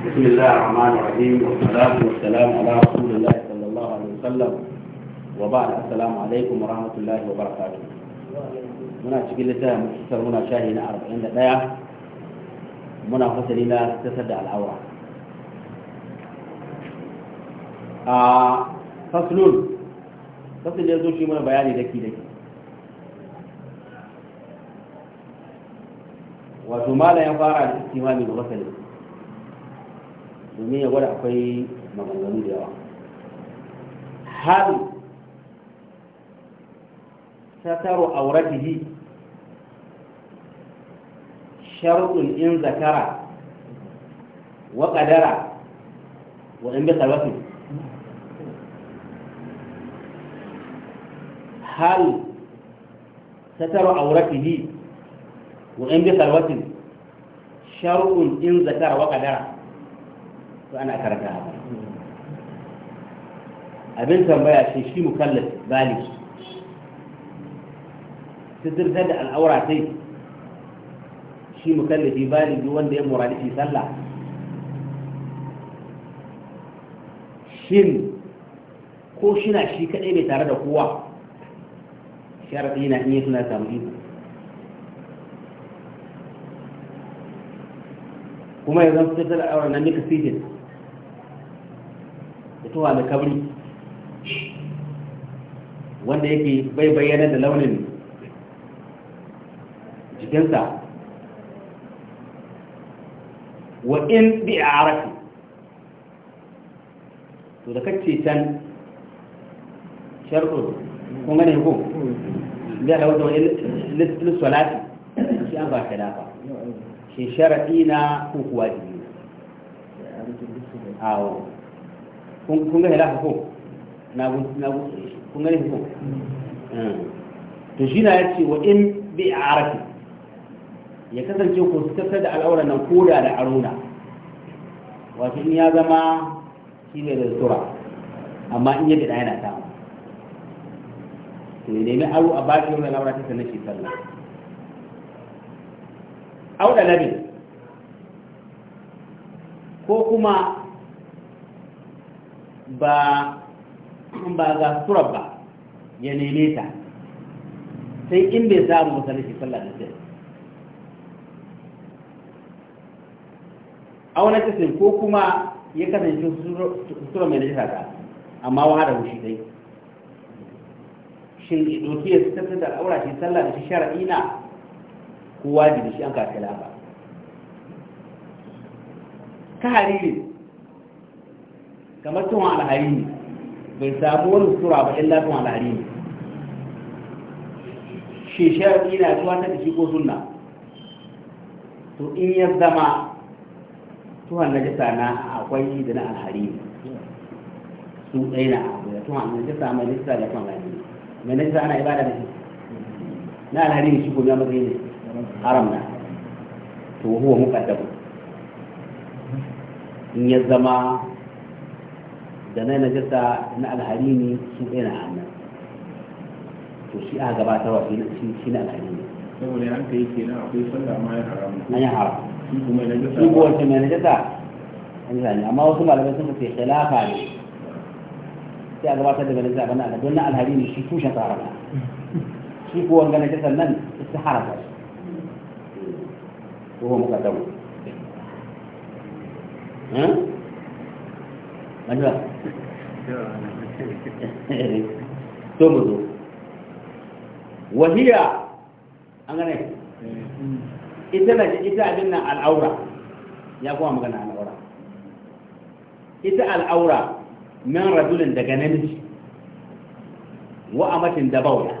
بسم الله الرحمن الرحيم والصلاة والسلام على رسول الله صلى الله عليه وسلم وبعد السلام عليكم ورحمة الله وبركاته muna cikin littafin mutsar muna shahi na 41 muna fasali na tasar da al'aura a faslun faslun ya zo shi bayani daki daki wato malam ya fara da istimami da fasalin domin ya gwada akwai maganganu da yawa ta hal sataru auratihi sharuɗin in zakara wa ƙadara wa in bi kalwatin hal sataru auratihi wa in bi kalwatin sharuɗin in zakara wa ƙadara to ana karanta haka abin tambaya shi shi mukallaf bali sitirtar da al'aura sai shi mukallafi bali duk wanda ya muradi shi sallah shin ko shina shi kadai mai tare da kowa sharaɗi na iya suna samu iko kuma yanzu fitar da auren na nika sijin fitowa da kabri wanda yake bai bayyana da launin jikinsa wa in bi a arafi to da kacce can sharɗo kun gane ko da da wata lissalati shi an ba ka dafa shi sharaɗi na kukuwa jini awo kun gane hilafa ko na kun gane ko eh. to shi na ya ce wa in bi a arafi ya kasance ko su kasar da al'aura nan koda da aruna wato in ya zama shi ne da tura amma in yadda ɗaya na samu ne nemi aro a bakin wani al'aura ta sanar shi sallah auɗa labin ko kuma ba ba za su ba ya neme ta sai in bai samu shi sallah da sai a wani kasin ko kuma ya kasance sura mai najisa ta amma wa da wushi dai shin doki ya su da aura shi sallah da shi shara'i na ko wajibi shi an kashe ba ka hariri kamar tun alhari ne bai samu wani sura ba illa tun alhari ne shi sharaɗi na zuwa ta jiki ko sunna to in ya zama tuhan jisa na akwai da na alhari ne su ɗaya na abu da tuhan najasa mai najasa da tuhan alhari mai jisa ana ibada da shi na alhari ne shi gobe matsayi ne haram na to huwa muqaddam in ya zama دنانا جرتا ان الهريمي شن اين عنا وشي اه قباتا وفي شن اين الهريمي اولي عنك يكينا عقلي صلى ما يحرم انا يحرم شنكو مين جرتا شنكو مين جرتا انا يعني اما وصم على بسم في خلاف علي تي اه قباتا دي بنزع بنا انا دونا الهريمي شي فوشا طارنا شي فوان قانا جرتا من استحارة وهو مقدم ها؟ annuwa to mu zo wahiya an gane ita na ita abin nan al'aura ya kuma magana al'aura ita al'aura min rajulin daga namiji wa amatin da bawla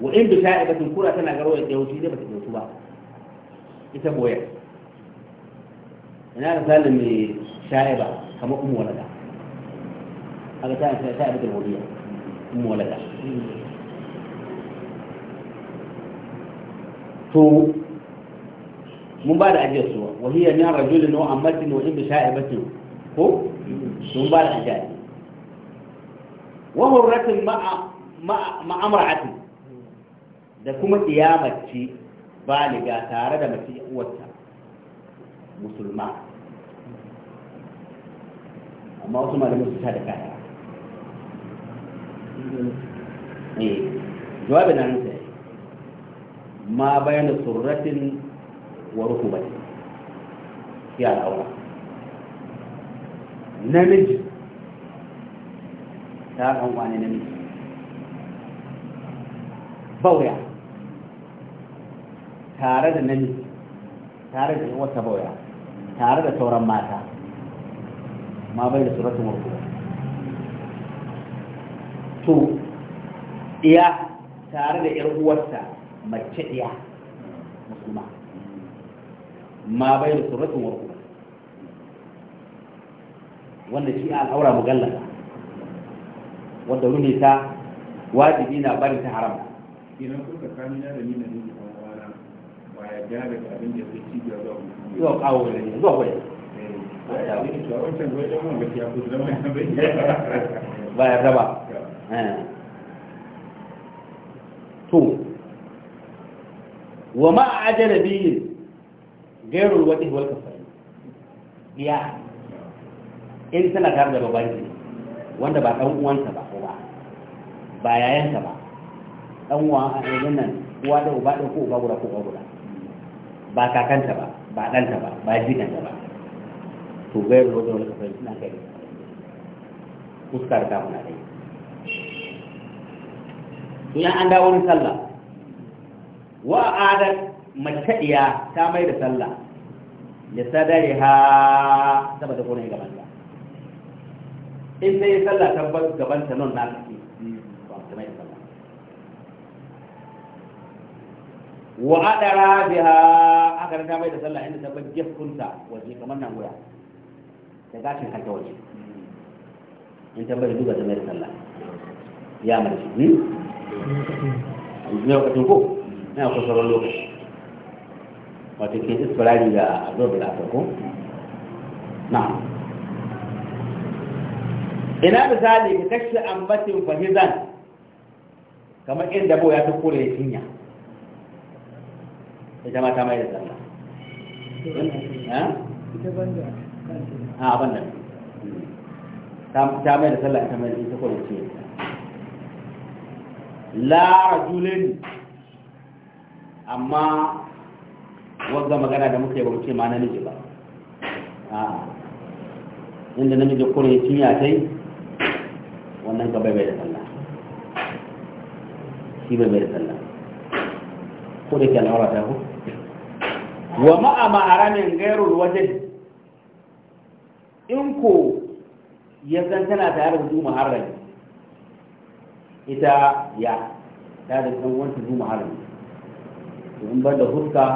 wa in bi sha'ibatin kura tana garo ya tsayo shi ne ba ta ba ita boyar ina da zalin mai shaye ba kamar kuma walada aka ta ta ta abin wuriya kuma walada to mun ba da ajiyar suwa wahiyya min rajulin wa ammatin wa in bi sha'ibatin ko mun ba da ajiyar wa hurratin ma'a ma'a ma'amra'atin da kuma kiyamace baliga tare da mace uwarta musulma amma wasu malamin su da kaya eh jawabin nan sai ma bayan surratin wa rukubat ya al'aura namiji ta kan wani namiji bauya tare da namiji tare da wata bauya tare da sauran mata ma bai da suratun warkuwa to iya tare da yar uwarsa mace iya musulma ma bai da suratun warkuwa wanda shi al'aura mugallaka wanda ruhi ta wajibi na barin ta haram Ina kuka kamina da nina ne zuwa kawo ne zuwa kwaye eh, ba ya raba eh. to wa ma ajala gero gairul wadi wal kafari ya in tana tare da babanki wanda ba ɗan uwanta ba ko ba ba yayansa ba Ɗan uwa eh, a nan uwa da uba da ko uba guda ko uba guda ba kakanta ba ba ɗanta ba ba danta ba to gayar wajen wani kafin suna kai fuskar ta muna dai idan an dawo ni sallah wa adar macaɗiya ta mai da sallah da sadari ha saboda kone gaban ta in sai sallah tabbas gaban ta nan na kake ba ta mai da sallah wa adara biha aka ranta mai da sallah inda ta bar gefunta waje kamar nan goya da gashin kanta waje in ta bari duka ta mai da sallah ya mace ni hmm? lokacin ko na ku sauran lokaci wato ke isfirari ga abubuwa da aka ko na ina misali ka kashe ambatin fahizan kamar inda bau ya ta kore ya cinya ya ma ta mai da sallah a banda ta mai da sallah ta mai da ita ce la rajulin amma wanda magana da muka yi ba ce ma namiji ba inda namiji kurin cinya ta yi wannan ka bai bai da sallah shi bai bai da sallah ko da ke al'aura ta ku wa ma'a ma'aramin gairul wajen in ko ya san tana tare da zuma harami ita ya ta da san wanta zuma harami in bar da huska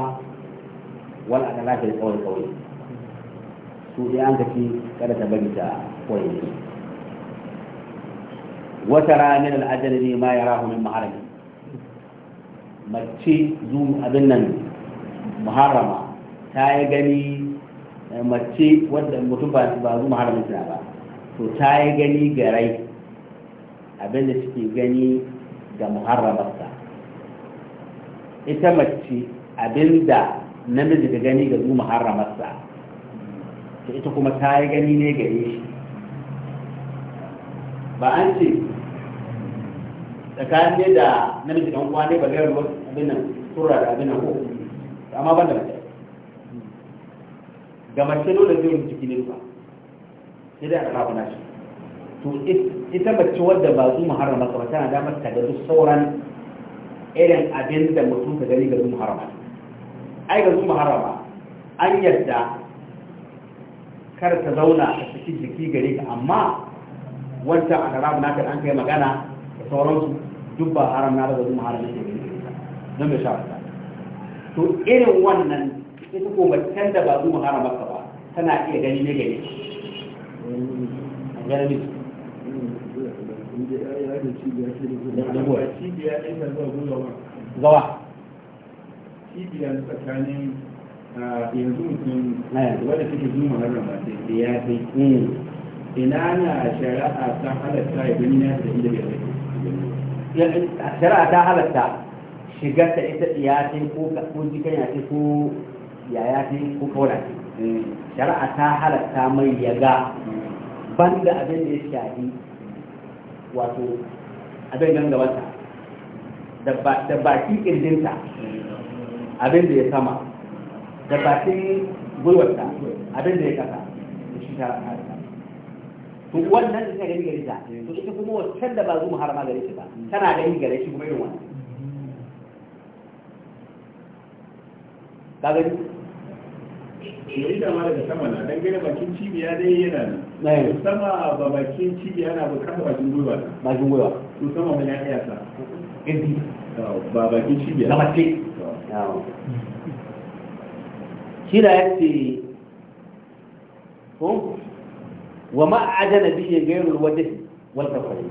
wal ana lafiya kawai kawai su dai an kace kada ta bari ta koyi ne wata ramin ne ma ya yarahu min maharami mace zuwa abin nan muharrama ta yi gani eh, mace wadda mutum ba ba bazu muharrama ta ba to ta yi gani garai abinda suke gani ga muharramarsa ita mace abinda namiji ga gani ga zu muharramarsa to ita kuma ta yi gani ne gare shi ba an ce tsakanin da namiji ɗan kwane ba gairar abin nan tura da abin nan ko amma ban da mace ga mace dole zai yi ciki ne ba sai dai a rabu na shi to ita mace wadda ba zuwa muharrama ba na damar ta ga duk sauran irin abin da mutum ka gani ga zuwa muharrama ai ga zu muharrama an yadda kar ta zauna a cikin jiki gare ka amma wancan a karabu na an kai magana da sauransu duk ba haram na daga zuwa haram ke gani don bai sha to irin wannan ita ko macen da ba zu muharramarka ba tana iya gani ne gani gani zawa cibiya tsakanin yanzu mutum wadda take zuwa harama da ya fi ina na shari'a ta halatta ya gani na da inda bai rai shari'a ta halatta shigar ta ita ya ta ko ko jikin ya ta ko yaya ce ko kawai shari'a ta halatta mai yaga ban da abin da ya shafi wato abin gangabata da baki ƙirjinta abin da ya sama da baki gwiwarta abin da ya kasa da shi shari'a ta halatta to wannan da ta gani gari ta to ita kuma wancan da ba zuwa harama gare shi ba tana gani gare shi kuma yi wannan ka gani yayin eh, eh, da ma daga sama na dan gane bakin cibiya dai yana nan eh. sama ba bakin cibiya na bukatar bakin gwiwa bakin gwiwa to sama mun ya iya sa ƙirji ba bakin cibiya na mace shi da yace ko wa ma ajana bi ghayrul wajh wal kafarin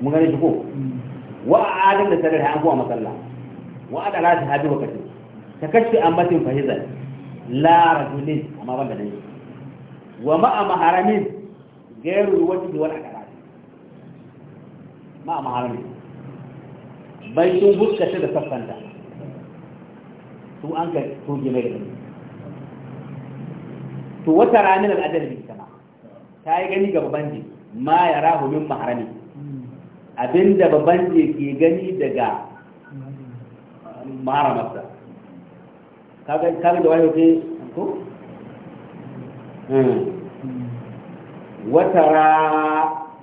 mun gane shi ko hmm. wa ajana da sadar an kuwa masalla wa adala ta wa wakati ta kashe ammatin fahizar la rajulin amma ban da ne wa ma'a maharamin gairu wata da wani akara ma'a maharamin bai sun huskata da sassanta su an ka tuge mai gani to wata ranar al'adar da ma ta yi gani ga babban ji ma ya rahu min maharami abinda babban ji ke gani daga maharamarsa kaga kaga da wani ke ko eh. wata ra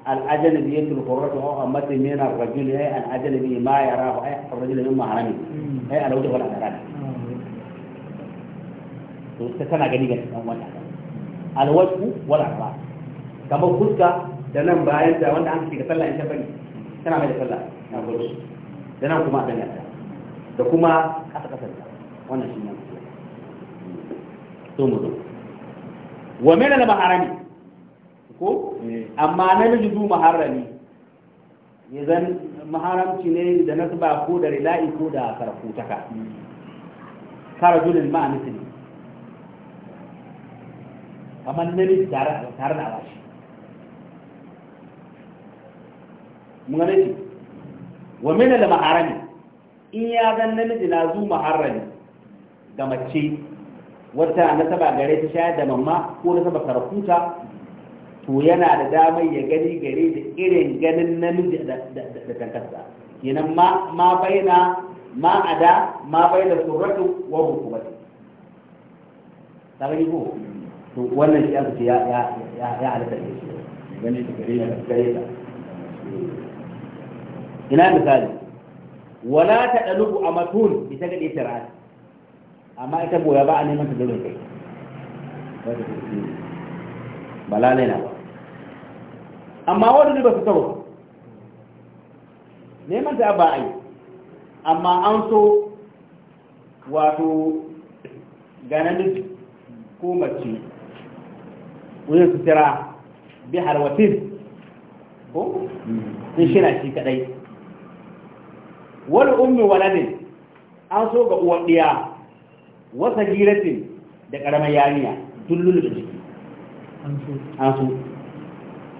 al'ajanabi ya turkuru rasu a kan mace mena rajul ya yi al'ajanabi ma ya rahu ai a rajul min maharami ai a rautar wani akara ne to ta tana gani ga cikin wani akara alwatsu wala ba kamar fuska da nan bayan da wanda an ke da sallah in ta bari tana mai da sallah na gudu da nan kuma a ganyar da kuma kasa kasar wannan shi ne to mu zo wa mena al maharami ko amma namiji du maharami zan maharamci ne da nasba ko da rila'i ko da sarfutaka karajulin ma'a ne, kamar namiji tare tare da abashi mun gane shi wa mena al maharami in ya zan namiji na zu maharami ga mace wata nasaba gare ta shayar da mamma ko nasaba karakuta to yana da damar ya gani gare da irin ganin namiji da kankarsa kenan ma baina ma ada ma baina surratu wa rukubatu sabani ko to wannan shi aka ce ya ya ya halatta ne gani da gare da gare da ina misali wala ta dalubu amatun ita ga ita ra'ayi amma ita goya ba a neman ta dole kai ba lalai na ba amma wadda ba su taro neman ta ba a yi amma an so wato ganin ko mace wajen su tira bi harwatin ko sun na shi kadai wani ummi ne an so ga uwan ɗiya wasa giratin da ƙaramar yariya dullul da jiki an su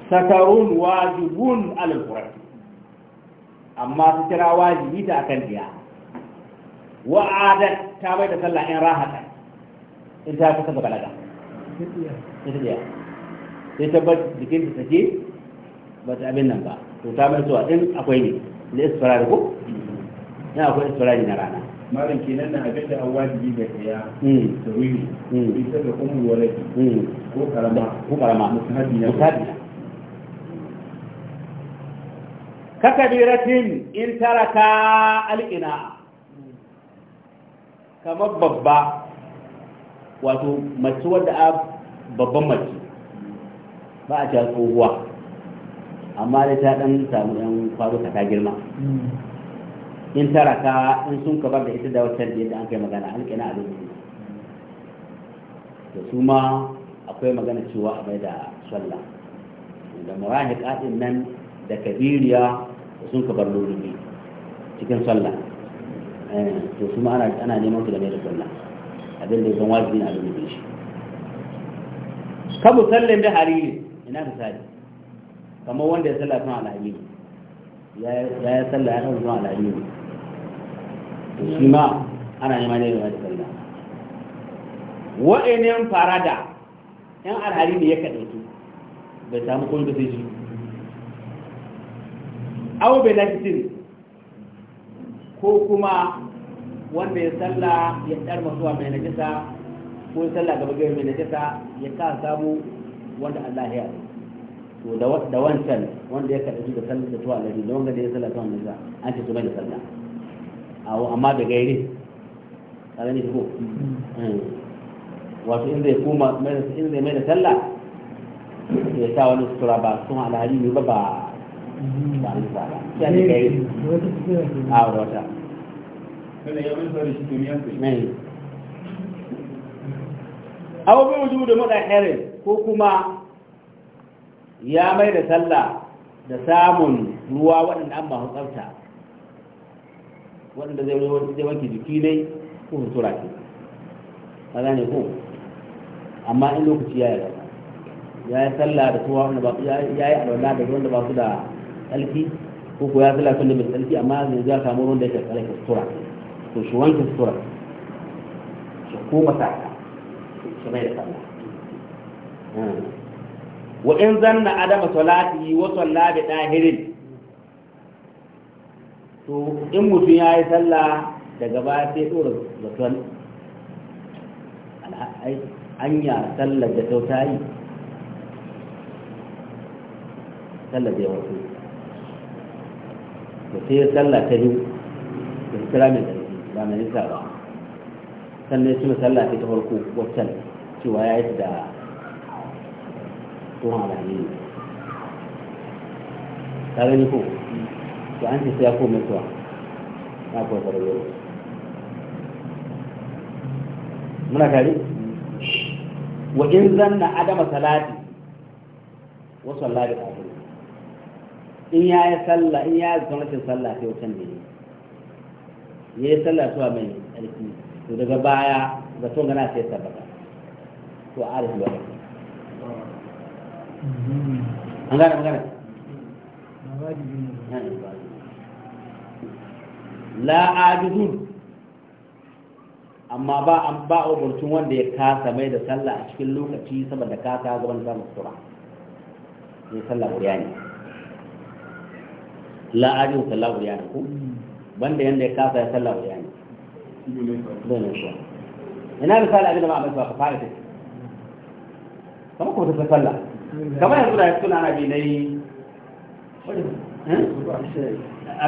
satarun wajibun alal amma su tira wajibi ta akan biya wa'adat ta bai da sallah in rahata in ta kusa ga balaga sai ta jikin ta take ba ta abin nan ba to ta bai zuwa in akwai ne na da ko ya akwai ne na rana malam kenan na abin da wajibi ga tsaya da wuri bisa hmm. ga ummu waladi hmm. ko karama ko karama musahabi na musahabi kakabiratin in taraka al'ina kamar babba wato mace wadda a babban mace ba a ci tsohuwa amma da ta ɗan samu ɗan faruka ta girma hmm. in taraka in sun ka bar da ita da wata da yadda an kai magana alƙina a lokaci To su ma akwai magana cewa a bai da sallah da murahika din nan da kabiriya da sun ka bar lulubi cikin sallah eh, to su ma ana neman su da game da sallah abin da ya zan wajibi na lulubi shi kabu sallin da hariri ina misali kamar wanda ya sallah sun al'amini ya ya sallah ya ɗan zuwa al'amini to ma ana neman ne da sallah wa'annan farada yan alhari ne ya kaɗe bai samu kun da sai shi au bai lafitin ko kuma wanda ya salla ya ɗar masuwa mai najisa ko ya salla gaba gari mai najisa ya ka samu wanda Allah ya to da wancan wanda ya kaɗe da sallar da tuwa da wanda da ya salla tuwa najisa an ce su mai da sallah awo amma da gairi ƙarami shi ko mm. eh. wato in zai koma mai da sallah ya sa wani sutura ba sun alhari ne ba ba mm. ba ni ba ba ya ne kuma ya mai da sallah da samun ruwa waɗanda an ba tsafta wanda zai zai wanke jiki dai ko sutura ce ka gane ko amma in lokaci ya yi ya yi sallah da kowa wanda ba ya yi alwala da wanda ba su da tsalki ko ko ya sallah sun da mai tsalki amma zai ya samu wanda da yake tsalki sutura to shi wanke sutura shi ko sa shi mai da sallah hmm. wa in zanna adama salati wa salla bi dahirin to in mutum ya yi sallah daga baya sai ɗora zaton anya sallar da ta yi sallar da ya wasu to sai ya sallah ta biyu da kira mai tsarki ba mai nisa ba sannan suna sallah ta farko waccan cewa ya yi da tuhon alamini ne ta gani ko to an isa ya kome na kuwa yau muna tare wa in zanna adama salati wa sallah da in ya yi salla in ya yi gwamnatin salla sai ne ya yi sallah zuwa mai alfi to daga baya da son gana sai tabbata to a arifi ba an gane la ajizun amma ba an ba umarcin wanda ya kasa mai da sallah a cikin lokaci saboda kasa gaban samun sura ne sallah ƙuriya ne la ajizun sallah ƙuriya ne ko banda yanda ya kasa ya sallah ƙuriya ne ina misali abin da ba a mai ba ka fara take kama ko ta sallah kamar yanzu da ya suna na bi na yi a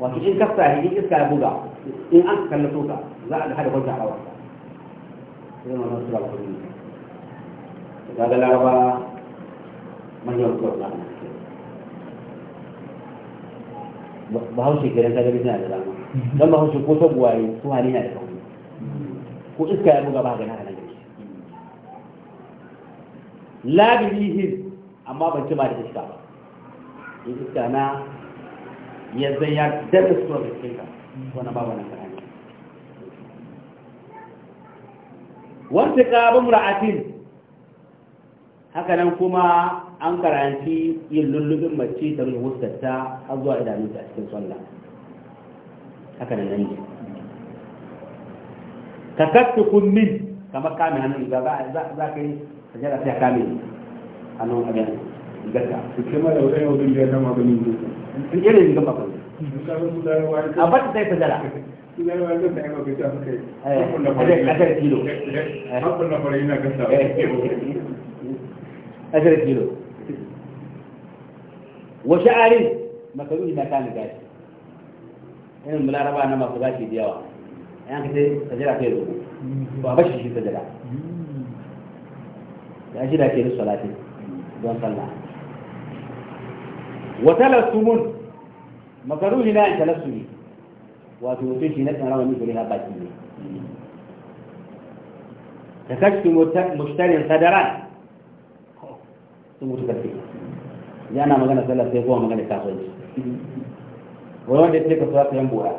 wato in kasa in iska ya buga in an kalla toka za a hada wata hawa sai ma nasu rabu ne ga ga laraba manyan kurna bahaushe kiran ta da bisan da dama dan bahaushe ko ta buwaye su hali na da kauri ko iska ya buga ba ga na nan labihi amma ban ci ba da iska ba in iska na ya zai ya daɗa suwa da suke ka wani babu na karani wata ƙabin ra'atin haka kuma an karanci yin lullubin mace ta rufe wustarta har zuwa idanun a cikin tsalla hakanan nan ne ka kasu kunnin kamar kame hannun za ka yi sajada sai kame hannun abin gaska su kima da wani yau dun biyar dama ba ne in irin rigar ba a ba ta sai ta jara eh, ajar eh, kilo wa sha'arin yi na kani gashi irin laraba na masu gashi da yawa yan ka sai sajada kai zo ba bashi shi sajada ya shi da ke salati don sallah wa talassumun makaruhi na in talassumi wato mutum shi na tsara wani gure na baki ne ta kashi mushtarin sadaran sun mutu karfe ya na magana sallar sai kuma magana kasuwanci wani wanda ya ce ka suwa sayan bora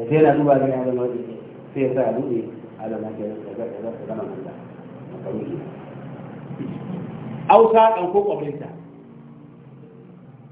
ya sai yana duba gani a zama sai ya sa a buɗe a zama ke zama makaruhi ausa ɗauko ƙwabrinta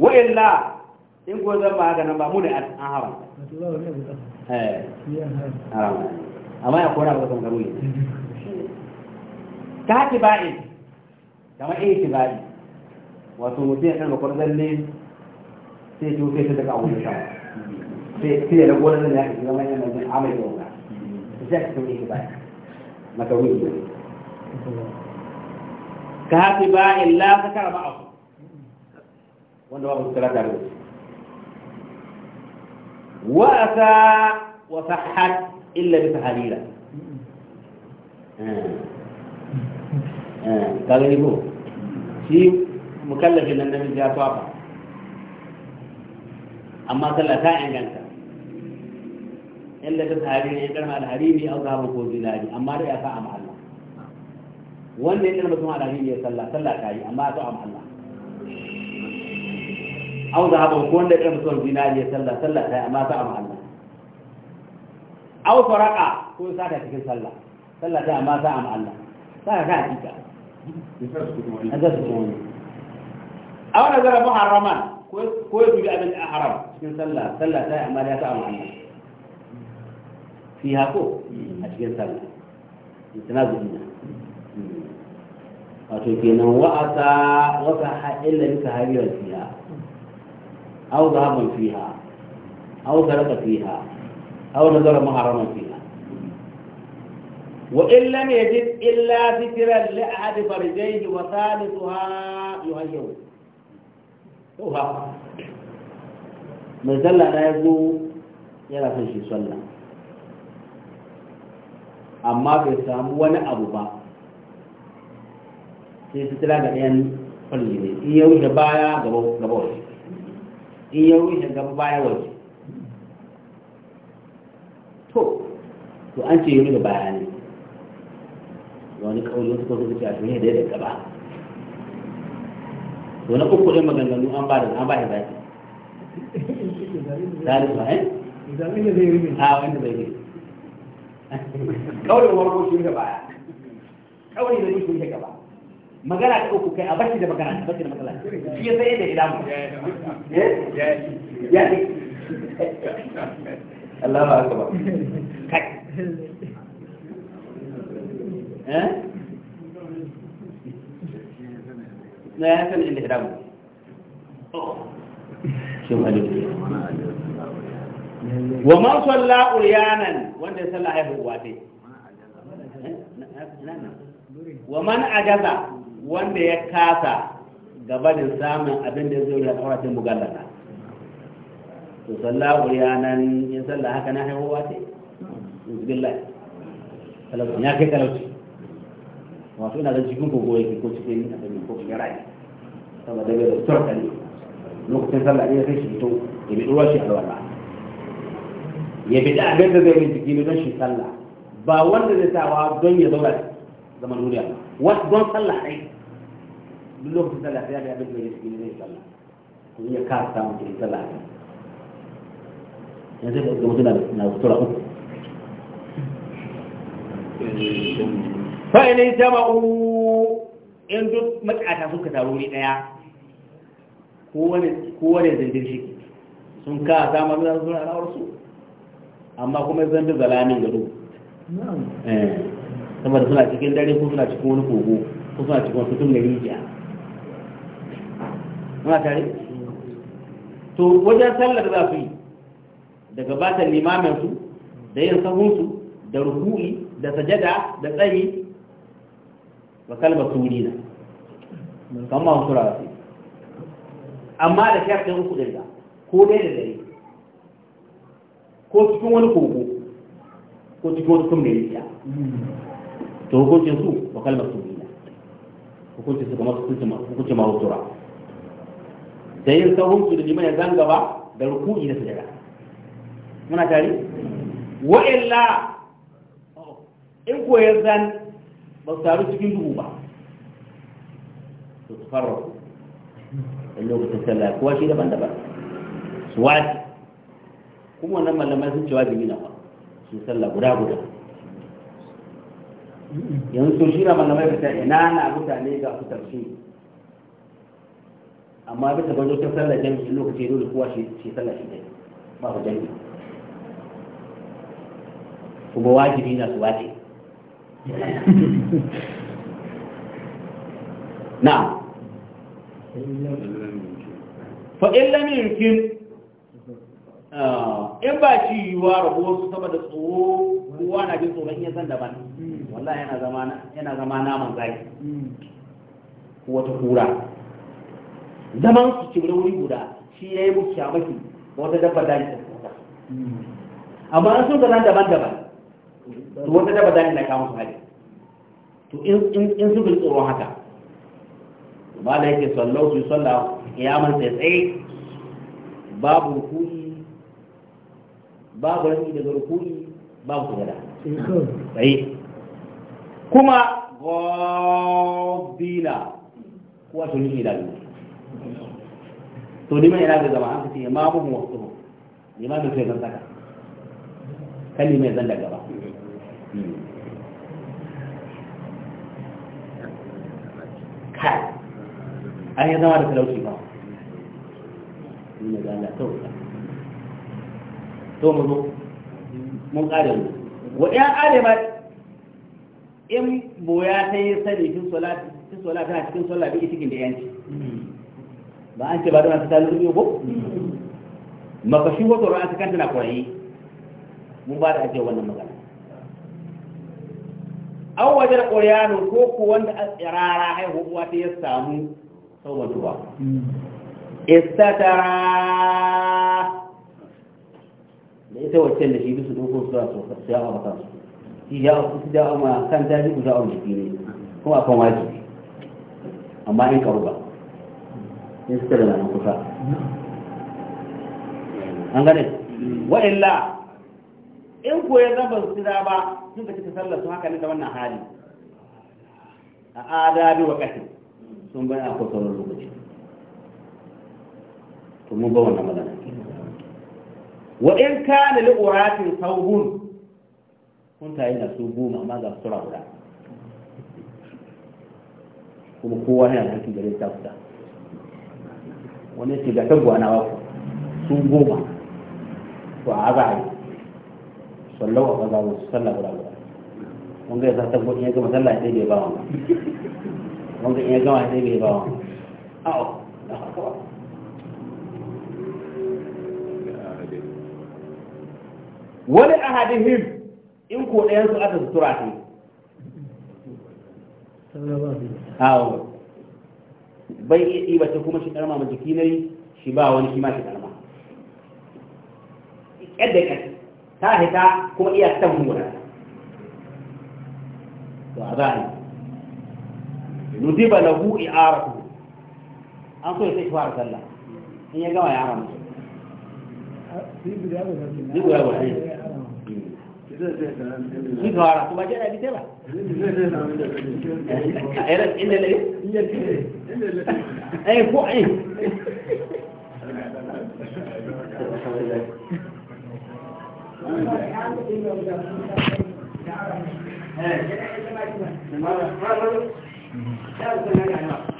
وإلا إن كنت ما أكن بأموني أن أهوان إيه. أما يقول الله كم كروي كاتي بائن كما إيه بائن وتمتين كان بقول ذلك تيجو تيجو تيجو تيجو تيجو تيجو تيجو تيجو تيجو تيجو تيجو ذلك wanda babu sutura tare da wa asa wa sahhat illa bi tahalila eh. eh, ka gani ko shi mukallafin nan namiji ya tsafa amma sallah ta inganta illa ta tsari ne karma alharimi au zaba ko zinari amma da ya sa a mahalla wannan ya karma kuma alharimi ya sallah sallah ta yi amma ta a Allah. au zahaban ko wanda ya mutuwar zinariya sallah sallah ta amma ta amma Allah au faraka ko sata cikin sallah sallah ta amma ta amma Allah ka ta hakika an za su kuma wani au nazara muharraman ko ya dubi abin haram cikin sallah sallah ta amma ya ta amma Allah fi hako a cikin sallah tanazuina wato kenan wa'ata wata ka sahabiyar fiya أو ذهبا فيها أو ذهب فيها أو نزل محرما فيها وإن لم يجد إلا ذكرا لأحد فرجيه وثالثها يهيئه توها من زل لا يزو يلا فنشي صلى amma bai samu wani abu ba sai fitila ga ɗayan kwalli ne in ya wuce baya gaba wasu in ya rushe gaba baya waje to to an ce yi da bayani wani kawai wasu kawai zuciya su ne da ya da gaba to na uku ɗin maganganu an ba da an ba shi zaki zari ba eh a wanda zai yi kawai warko shi da baya kawai da shi da gaba magana ta uku kai a bashi da magana bashi da matsala shi ya sai da ilamu ya ne Allah ba haka ba kai eh? na ya san inda ilamu ma wa man salla uryanan wanda ya salla haihuwa dai eh? wa man ajaza wanda ya kasa gabanin samun abin da zai al'auratin mugallata to sallahu ya nan yin sallah haka na haihuwa ce bismillah talauci ya kai talauci wato ina zan cikin kogo yake ko cikin abin ko cikin rai saboda bai da tsarka ne lokacin sallah ne ya kai shi to ya bi ruwa shi alwala ya bi abin da zai yi jiki ne don shi sallah ba wanda zai tawa don ya zauna zaman duniya don sallah ɗai duk lokacin sallah sai ya ga abin da ya shi ne sallah ko ya ka samu ke sallah yanzu da mutum na sutura uku fa'in jama'u in duk matsata suka taro ni daya ko wani kowane zindin shi sun ka zama da zuwa rawarsu amma kuma zan bi zalamin gado saboda suna cikin dare ko suna cikin wani kogo ko suna cikin wani fitin da rijiya matare to wajen sallar za su yi da gabatar limaminsu da yin sahunsu da ruku'i da sajada da tsayi wa turi na kama wasu rasu amma da shafin uku ɗin da ko dai da dare ko cikin wani koko ko cikin wani kuma rijiya to hukuncin su wa kalmar turina hukuncin su kamar hukuncin mahutura da yin sahun su da jimai zan gaba da ruku'i na sujada muna tare wa illa in ko ya zan ba su taru cikin duhu ba su fara a lokacin sallah kowa shi daban-daban su wati kuma wannan malamai sun cewa jimina ba su sallah guda-guda yanzu sun na malamai ka ta ina na mutane ga su tafsiri amma bisa ba wajen sallar jami'i lokaci dole kowa shi sallar shi ne ba ku jami'i kuma wajibi na su wace na fa'in lamin kin eh, in ba shi yiwuwa rabuwar su saboda tsoro kowa na jin tsoron iya san daban wallahi yana zama naman zaki wata kura zaman su kibra wuri guda shi ya yi a kyamaki wata dabba da ta amma an sun zana daban-daban to wata dabba da na kawo su hali to in su bin tsoron haka ba da yake sallau su salla kiyaman sai tsaye babu rukuni babu rami daga rukuni babu sujada tsaye kuma gobina kuwa sun yi to liman yana da zama an ka ya mamu mu wasu liman da sai zan saka kan liman zan da gaba kai an yi zama da talauci ba ne da Allah kawai to mu zo mun kare mu wa ya kare ba in boya ta yi sani cikin tana cikin salati cikin cikin da yanci ba an ce ba da ta talu ne ko makashi wato ran ta kanta na kwaye mun ba da aje wannan magana an wajen ƙoryano ko ku wanda a tsirara haihuwa ta ya samu sauwatu ba istatara da ita wacce da shi bisu dokon suwa su ya ba kansu shi ya ku su da'o ma kan daji ku da'o jiki ne kuma akan wajibi amma in karu ba In suke da nan kusa an gane wa illa in ko ya zaba su da ba sun ka cika sallar sun haka ne da wannan hali a adabi wa kashi sun bai a kusurin lokaci to mun ba wannan magana wa in kana li uratin sawbun kun yi na su goma amma ga sura guda kuma kowa yana da hakki gare ta kusa wani ce ga tagwa na sun goma to a za a yi a kaza wasu sallah guda guda wanga ya sa ta in ya gama sallah sai bai ba wanga wanga in ya gama sai bai ba wanga a'a da haka ba wani ahadihim in ko ɗayan su aka sutura ne bai iya ɗiba ta kuma shi karma ma jiki ne shi ba wani shi ma shi karma yadda ka ta hita kuma iya san mura to a za a yi nudiba lahu i'aratu an so ya sai fara sallah in ya gama ya ara amma ni guda guda Ni gawara kuma je da inda ne? ko